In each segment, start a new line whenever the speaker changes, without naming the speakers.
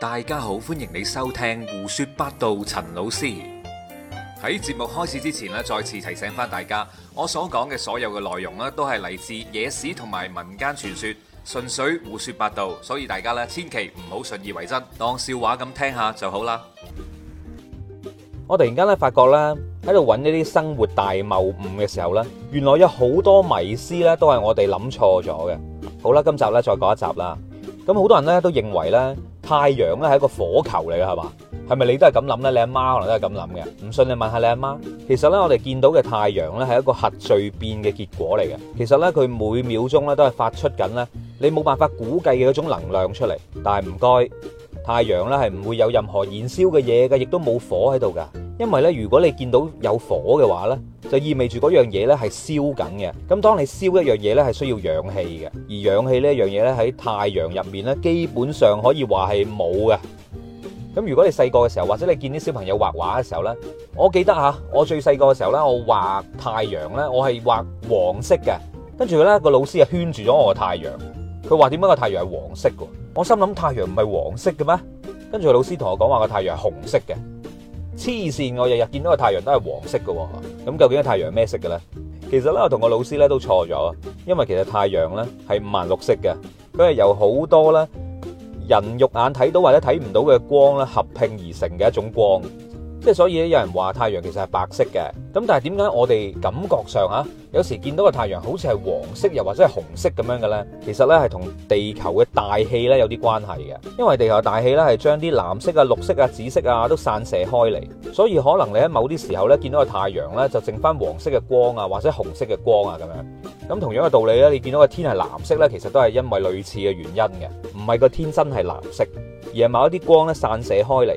大家好，歡迎你收聽胡說八道。陳老師喺節目開始之前咧，再次提醒翻大家，我所講嘅所有嘅內容咧，都係嚟自野史同埋民間傳說，純粹胡說八道，所以大家咧千祈唔好信以為真，當笑話咁聽下就好啦。我突然間咧發覺咧喺度揾呢啲生活大謬誤嘅時候咧，原來有好多迷思咧都係我哋諗錯咗嘅。好啦，今集咧再講一集啦。咁好多人咧都認為咧。太陽咧係一個火球嚟嘅，係嘛？係咪你都係咁諗呢？你阿媽可能都係咁諗嘅。唔信你問下你阿媽。其實呢，我哋見到嘅太陽呢係一個核聚變嘅結果嚟嘅。其實呢，佢每秒鐘咧都係發出緊呢，你冇辦法估計嘅嗰種能量出嚟。但係唔該。太陽咧係唔會有任何燃燒嘅嘢嘅，亦都冇火喺度噶。因為咧，如果你見到有火嘅話咧，就意味住嗰樣嘢咧係燒緊嘅。咁當你燒一樣嘢咧，係需要氧氣嘅，而氧氣呢一樣嘢咧喺太陽入面咧，基本上可以話係冇嘅。咁如果你細個嘅時候，或者你見啲小朋友畫畫嘅時候咧，我記得吓，我最細個嘅時候咧，我畫太陽咧，我係畫黃色嘅，跟住咧個老師啊圈住咗我個太陽，佢話，點解個太陽係黃色嘅？我心諗太陽唔係黃色嘅咩？跟住老師同我講，話個太陽係紅色嘅，黐線，我日日見到個太陽都係黃色嘅，咁究竟個太陽係咩色嘅咧？其實咧我同個老師咧都錯咗，因為其實太陽咧係五顏六色嘅，佢係由好多咧人肉眼睇到或者睇唔到嘅光咧合併而成嘅一種光。即係所以咧，有人話太陽其實係白色嘅，咁但係點解我哋感覺上啊，有時見到個太陽好似係黃色又或者係紅色咁樣嘅呢？其實呢係同地球嘅大氣呢有啲關係嘅，因為地球大氣呢係將啲藍色啊、綠色啊、紫色啊都散射開嚟，所以可能你喺某啲時候呢，見到個太陽呢就剩翻黃色嘅光啊或者紅色嘅光啊咁樣。咁同樣嘅道理呢，你見到個天係藍色呢，其實都係因為類似嘅原因嘅，唔係個天真係藍色，而係某一啲光呢散射開嚟。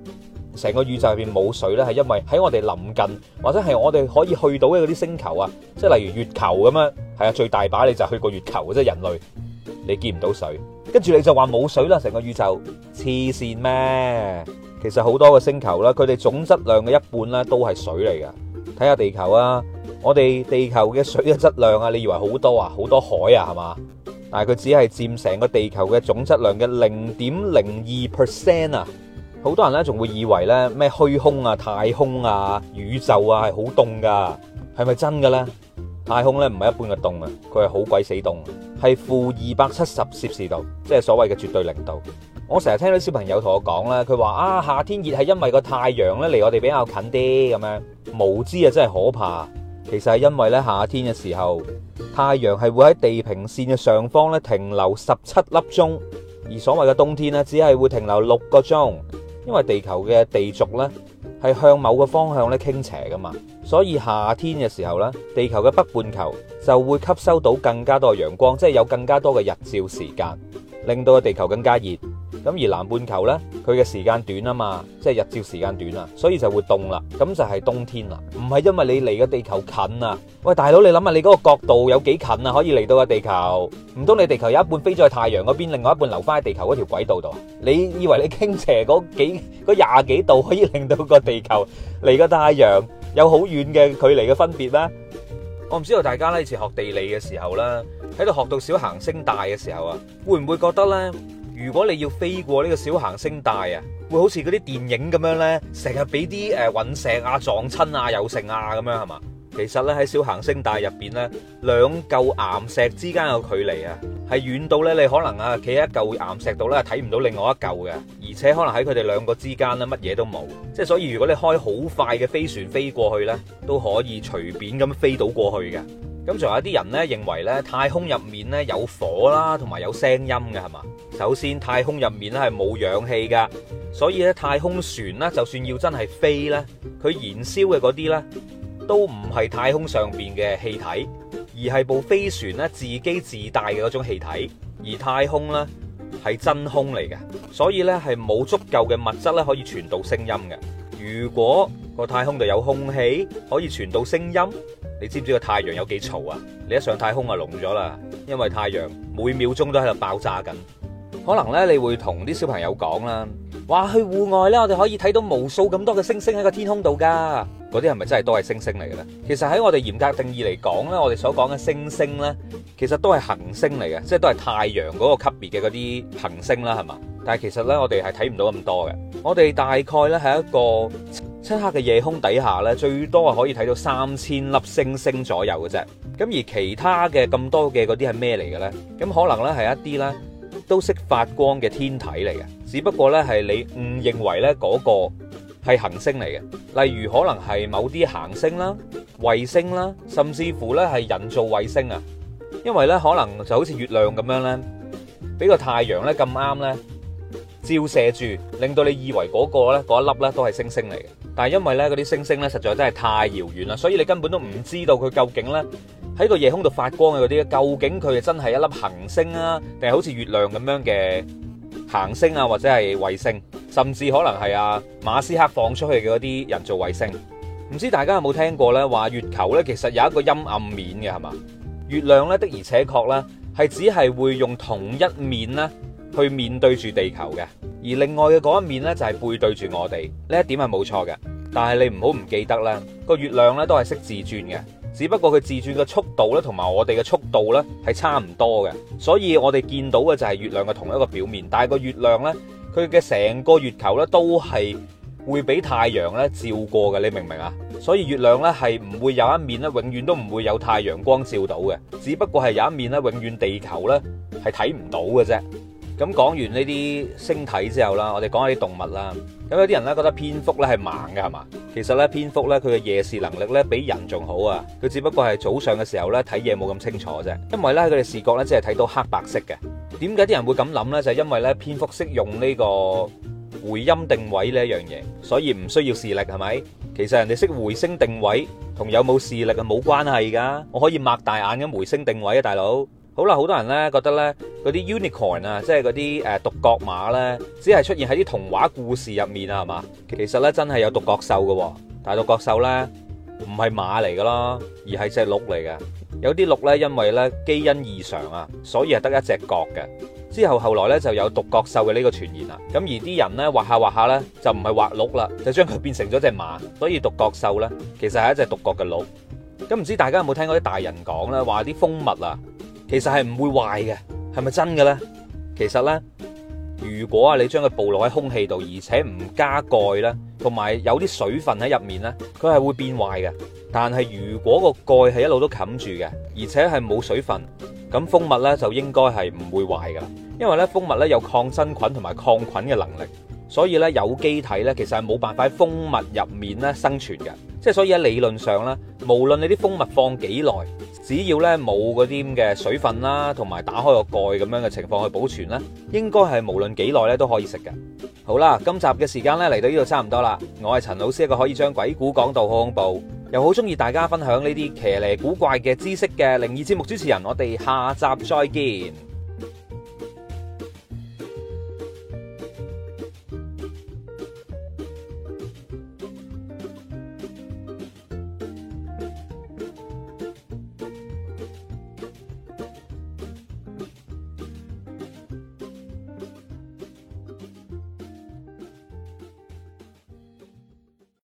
成個宇宙入邊冇水咧，係因為喺我哋臨近或者係我哋可以去到嘅嗰啲星球啊，即係例如月球咁啊，係啊，最大把你就去過月球啊，即係人類你見唔到水，跟住你就話冇水啦，成個宇宙黐線咩？其實好多個星球啦，佢哋總質量嘅一半咧都係水嚟㗎。睇下地球啊，我哋地球嘅水嘅質量啊，你以為好多啊，好多海啊係嘛？但係佢只係佔成個地球嘅總質量嘅零點零二 percent 啊！好多人咧，仲會以為咧咩虛空啊、太空啊、宇宙啊係好凍㗎？係咪真㗎咧？太空咧唔係一般嘅凍啊，佢係好鬼死凍，係負二百七十攝氏度，即係所謂嘅絕對零度。我成日聽到小朋友同我講咧，佢話啊夏天熱係因為個太陽呢離我哋比較近啲咁樣，無知啊真係可怕。其實係因為呢夏天嘅時候，太陽係會喺地平線嘅上方呢停留十七粒鐘，而所謂嘅冬天呢只係會停留六個鐘。因為地球嘅地軸呢，係向某個方向咧傾斜噶嘛，所以夏天嘅時候呢，地球嘅北半球就會吸收到更加多嘅陽光，即係有更加多嘅日照時間，令到個地球更加熱。咁而南半球咧，佢嘅時間短啊嘛，即係日照時間短啊，所以就會凍啦，咁就係冬天啦。唔係因為你離個地球近啊，喂大佬，你諗下你嗰個角度有幾近啊，可以嚟到個地球？唔通你地球有一半飛咗去太陽嗰邊，另外一半留翻喺地球嗰條軌道度？你以為你傾斜嗰幾嗰廿幾度可以令到個地球離個太陽有好遠嘅距離嘅分別咩？我唔知道大家咧，以前學地理嘅時候啦，喺度學到小行星帶嘅時候啊，會唔會覺得咧？如果你要飛過呢個小行星帶啊，會好似嗰啲電影咁樣呢，成日俾啲誒隕石啊撞親啊有剩啊咁樣係嘛？其實呢，喺小行星帶入邊呢，兩嚿岩石之間嘅距離啊，係遠到呢，你可能啊企喺一嚿岩石度呢睇唔到另外一嚿嘅，而且可能喺佢哋兩個之間呢，乜嘢都冇，即係所以如果你開好快嘅飛船飛過去呢，都可以隨便咁飛到過去嘅。咁仲有啲人呢認為呢太空入面呢有火啦，同埋有聲音嘅係嘛？首先太空入面呢係冇氧氣噶，所以呢太空船呢就算要真係飛呢，佢燃燒嘅嗰啲呢都唔係太空上面嘅氣體，而係部飛船呢自己自帶嘅嗰種氣體。而太空呢係真空嚟嘅，所以呢係冇足夠嘅物質呢可以傳到聲音嘅。如果個太空度有空氣可以傳到聲音。你知唔知個太陽有幾嘈啊？你一上太空啊，聾咗啦，因為太陽每秒鐘都喺度爆炸緊。可能呢，你會同啲小朋友講啦，話去戶外呢，我哋可以睇到無數咁多嘅星星喺個天空度㗎。嗰啲係咪真係都係星星嚟嘅咧？其實喺我哋嚴格定義嚟講呢，我哋所講嘅星星呢，其實都係行星嚟嘅，即係都係太陽嗰個級別嘅嗰啲行星啦，係嘛？但係其實呢，我哋係睇唔到咁多嘅，我哋大概呢，係一個。漆黑嘅夜空底下咧，最多係可以睇到三千粒星星左右嘅啫。咁而其他嘅咁多嘅嗰啲係咩嚟嘅咧？咁可能咧，係一啲咧，都識發光嘅天體嚟嘅。只不過咧，係你誤認為咧，嗰個係行星嚟嘅，例如可能係某啲行星啦、衛星啦，甚至乎咧，係人造衛星啊。因為咧，可能就好似月亮咁樣咧，俾個太陽咧咁啱咧照射住，令到你以為嗰個咧嗰一粒咧都係星星嚟嘅。但因為咧嗰啲星星咧實在真係太遙遠啦，所以你根本都唔知道佢究竟咧喺個夜空度發光嘅嗰啲究竟佢係真係一粒恆星啊，定係好似月亮咁樣嘅行星啊，或者係衛星，甚至可能係啊馬斯克放出去嘅嗰啲人造衛星。唔知大家有冇聽過呢話月球呢其實有一個陰暗面嘅係嘛？月亮呢的而且確啦，係只係會用同一面呢去面對住地球嘅，而另外嘅嗰一面呢，就係背對住我哋。呢一點係冇錯嘅。但係你唔好唔記得啦，個月亮咧都係識自轉嘅，只不過佢自轉嘅速度咧同埋我哋嘅速度咧係差唔多嘅，所以我哋見到嘅就係月亮嘅同一個表面，但係個月亮呢，佢嘅成個月球咧都係會俾太陽咧照過嘅，你明唔明啊？所以月亮呢，係唔會有一面咧永遠都唔會有太陽光照到嘅，只不過係有一面咧永遠地球呢係睇唔到嘅啫。咁講完呢啲星體之後啦，我哋講下啲動物啦。咁有啲人呢覺得蝙蝠呢係盲嘅係嘛？其實呢蝙蝠呢佢嘅夜視能力呢比人仲好啊。佢只不過係早上嘅時候呢睇嘢冇咁清楚啫，因為呢佢哋視覺呢只係睇到黑白色嘅。點解啲人會咁諗呢？就係因為呢蝙蝠識用呢個回音定位呢一樣嘢，所以唔需要視力係咪？其實人哋識回聲定位同有冇視力係冇關係㗎。我可以擘大眼咁回聲定位啊，大佬。好啦，好多人呢覺得呢嗰啲 unicorn 啊，即係嗰啲誒獨角馬呢，只係出現喺啲童話故事入面啊，係嘛？其實呢真係有獨角獸嘅，但係獨角獸呢，唔係馬嚟嘅咯，而係隻鹿嚟嘅。有啲鹿呢，因為呢基因異常啊，所以係得一隻角嘅。之後後來呢，就有獨角獸嘅呢個傳言啦。咁而啲人呢，畫下畫下呢，就唔係畫鹿啦，就將佢變成咗隻馬，所以獨角獸呢，其實係一隻獨角嘅鹿。咁唔知大家有冇聽過啲大人講呢話啲蜂蜜啊？其實係唔會壞嘅，係咪真嘅咧？其實咧，如果啊你將佢暴露喺空氣度，而且唔加蓋咧，同埋有啲水分喺入面咧，佢係會變壞嘅。但係如果個蓋係一路都冚住嘅，而且係冇水分，咁蜂蜜咧就應該係唔會壞噶啦。因為咧蜂蜜咧有抗真菌同埋抗菌嘅能力，所以咧有機體咧其實係冇辦法喺蜂蜜入面咧生存嘅。即係所以喺理論上咧，無論你啲蜂蜜放幾耐。只要咧冇嗰啲嘅水分啦，同埋打開個蓋咁樣嘅情況去保存咧，應該係無論幾耐咧都可以食嘅。好啦，今集嘅時間咧嚟到呢度差唔多啦。我係陳老師，一個可以將鬼故講到好恐怖，又好中意大家分享呢啲奇離古怪嘅知識嘅靈異節目主持人。我哋下集再見。